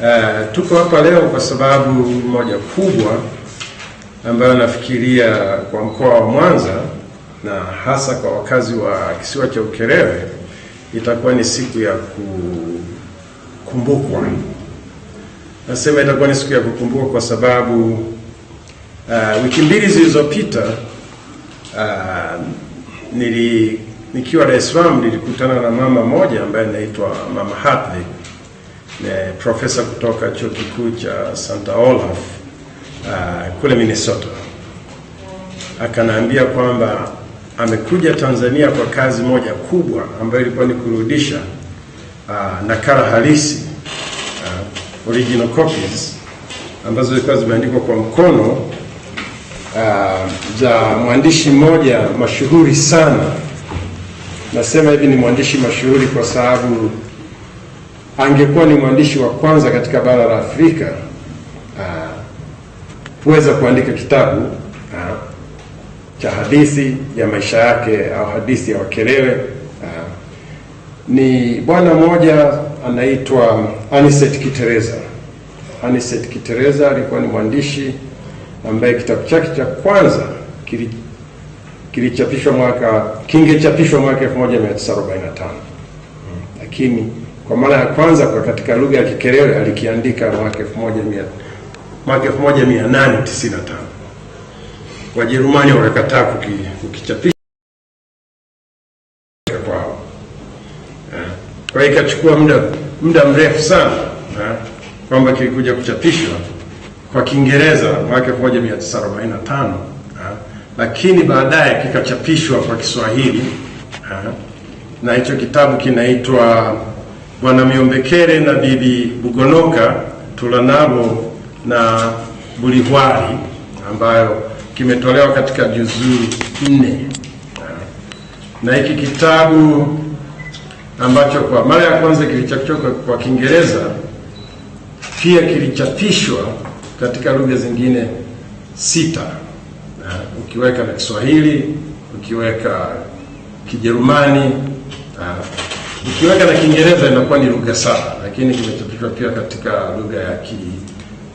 Uh, tuko hapa leo kwa sababu moja kubwa ambayo nafikiria kwa mkoa wa Mwanza na hasa kwa wakazi wa kisiwa cha Ukerewe itakuwa ni siku ya kukumbukwa. Nasema itakuwa ni siku ya kukumbukwa kwa sababu uh, wiki mbili zilizopita uh, nili nikiwa Dar es Salaam nilikutana na mama moja ambaye anaitwa Mama Happy ni profesa kutoka chuo kikuu cha Santa Olaf uh, kule Minnesota, akanaambia kwamba amekuja Tanzania kwa kazi moja kubwa ambayo ilikuwa ni kurudisha uh, nakala halisi uh, original copies ambazo zilikuwa zimeandikwa kwa mkono uh, za mwandishi mmoja mashuhuri sana. Nasema hivi ni mwandishi mashuhuri kwa sababu angekuwa ni mwandishi wa kwanza katika bara la Afrika ah, kuweza kuandika kitabu ah, cha hadithi ya maisha yake au hadithi ya Wakelewe. Aa, ah, ni bwana mmoja anaitwa Aniset Kitereza. Aniset Kitereza alikuwa ni mwandishi ambaye kitabu chake cha kwanza kili kilichapishwa mwaka kingechapishwa mwaka 1945 hmm, lakini kwa mara ya kwanza kwa katika lugha ya Kikerewe alikiandika mwaka 1895. Wajerumani wakakataa kukichapisha kwao, eh, kwa hiyo ikachukua muda muda mrefu sana eh, kwamba kilikuja kuchapishwa kwa Kiingereza mwaka 1945, eh, lakini baadaye kikachapishwa kwa Kiswahili na hicho kitabu kinaitwa Bwana Myombekere na Bibi Bugonoka tulanabo na Bulihwali ambayo kimetolewa katika juzuu nne na hiki kitabu ambacho kwa mara ya kwanza kilichapishwa kwa Kiingereza pia kilichapishwa katika lugha zingine sita na ukiweka na Kiswahili ukiweka Kijerumani na Ukiweka na Kiingereza inakuwa ni lugha saba, lakini kimechapishwa pia katika lugha ya ki,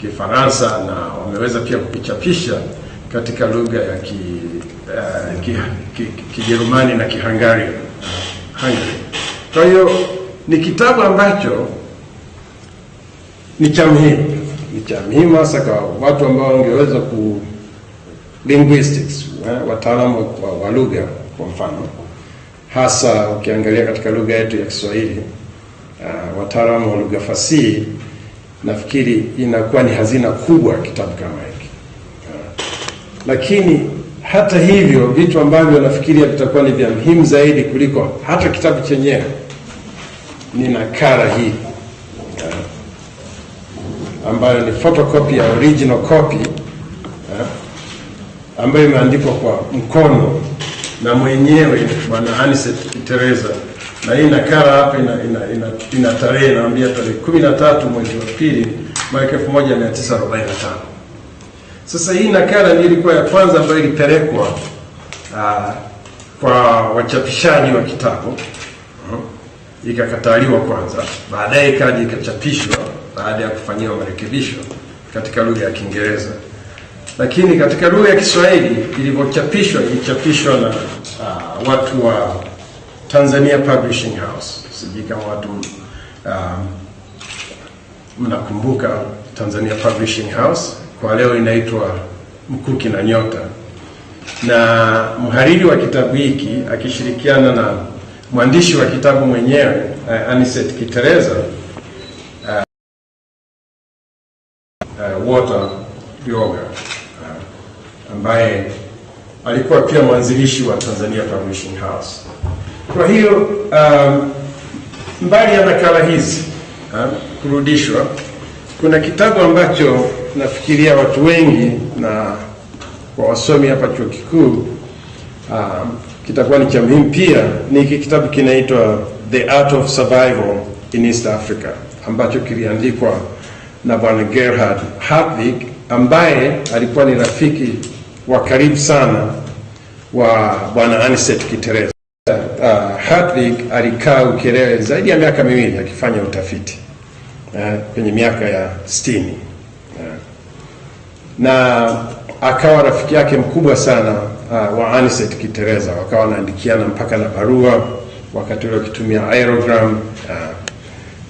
Kifaransa na wameweza pia kukichapisha katika lugha ya ki, uh, ki, ki, Kijerumani na Kihungary. Kwa hiyo ni kitabu ambacho ni cha muhimu, ni cha muhimu hasa kwa watu ambao wangeweza ku linguistics, eh, wataalamu wa lugha, kwa mfano hasa ukiangalia katika lugha yetu ya Kiswahili uh, wataalamu wa lugha fasihi, nafikiri inakuwa ni hazina kubwa kitabu kama hiki uh, lakini hata hivyo vitu ambavyo nafikiria vitakuwa ni vya muhimu zaidi kuliko hata kitabu chenyewe ni nakala hii uh, ambayo ni photocopy ya original copy uh, ambayo imeandikwa kwa mkono na mwenyewe Bwana Anicet Teresa, na hii nakala hapa ina, ina, ina, ina tarehe naambia tarehe 13 mwezi wa pili mwaka 1945. Sasa hii nakala ndio ilikuwa ya kwanza ambayo ilipelekwa ah, kwa wachapishaji wa kitabu uh, ikakataliwa kwanza, baadaye ikaja ikachapishwa baada ya kufanyiwa marekebisho katika lugha ya Kiingereza lakini katika lugha ya Kiswahili ilivyochapishwa ilichapishwa na uh, watu wa Tanzania Publishing House. Sijui kama watu um, mnakumbuka Tanzania Publishing House, kwa leo inaitwa Mkuki na Nyota, na mhariri wa kitabu hiki akishirikiana na mwandishi wa kitabu mwenyewe uh, Aniset Kitereza uh, uh, Water Yoga ambaye alikuwa pia mwanzilishi wa Tanzania Publishing House. Kwa hiyo um, mbali ya nakala hizi ha, um, kurudishwa, kuna kitabu ambacho nafikiria watu wengi na kwa wasomi hapa chuo kikuu um, kitakuwa ni cha muhimu pia. Ni hiki kitabu kinaitwa The Art of Survival in East Africa ambacho kiliandikwa na Bwana Gerhard Hartwig ambaye alikuwa ni rafiki wa karibu sana wa bwana Aniset Kitereza. Uh, Hartwig alikaa Ukerewe zaidi ya miaka miwili akifanya utafiti uh, kwenye miaka ya sitini uh, na akawa rafiki yake mkubwa sana uh, wa Aniset Kitereza, wakawa wanaandikiana mpaka na barua wakati ule wakitumia aerogram uh,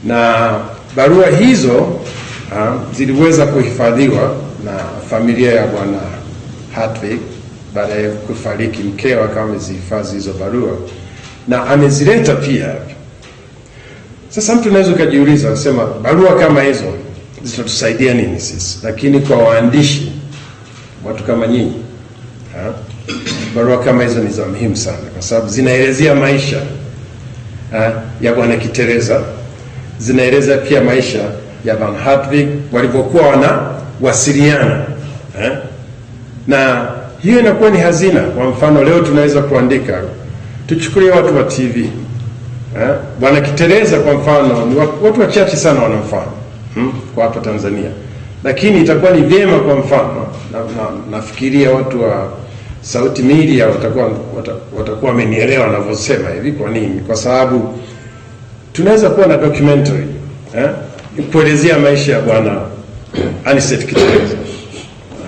na barua hizo uh, ziliweza kuhifadhiwa na familia ya bwana Hartwig ya kufariki, mkeo, akawa amezihifadhi hizo barua na amezileta pia Sasa mtu unaweza ukajiuliza, unasema barua kama hizo zitatusaidia nini sisi? Lakini kwa waandishi, watu kama nyinyi, barua kama hizo ni za muhimu sana, kwa sababu zinaelezea maisha ha, ya Bwana Kitereza, zinaeleza pia maisha ya Van Hartwig walivyokuwa wanawasiliana na hiyo inakuwa ni hazina. Kwa mfano leo tunaweza kuandika, tuchukulie watu wa TV ha? Eh, bwana Kitereza kwa mfano ni watu wachache sana wanamfahamu hmm? kwa hapa Tanzania, lakini itakuwa ni vyema kwa mfano na, na, nafikiria watu wa Sauti Media watakuwa watakuwa wamenielewa navyosema hivi. Kwa nini? Kwa sababu tunaweza kuwa na documentary eh, kuelezea maisha ya bwana Anicet Kitereza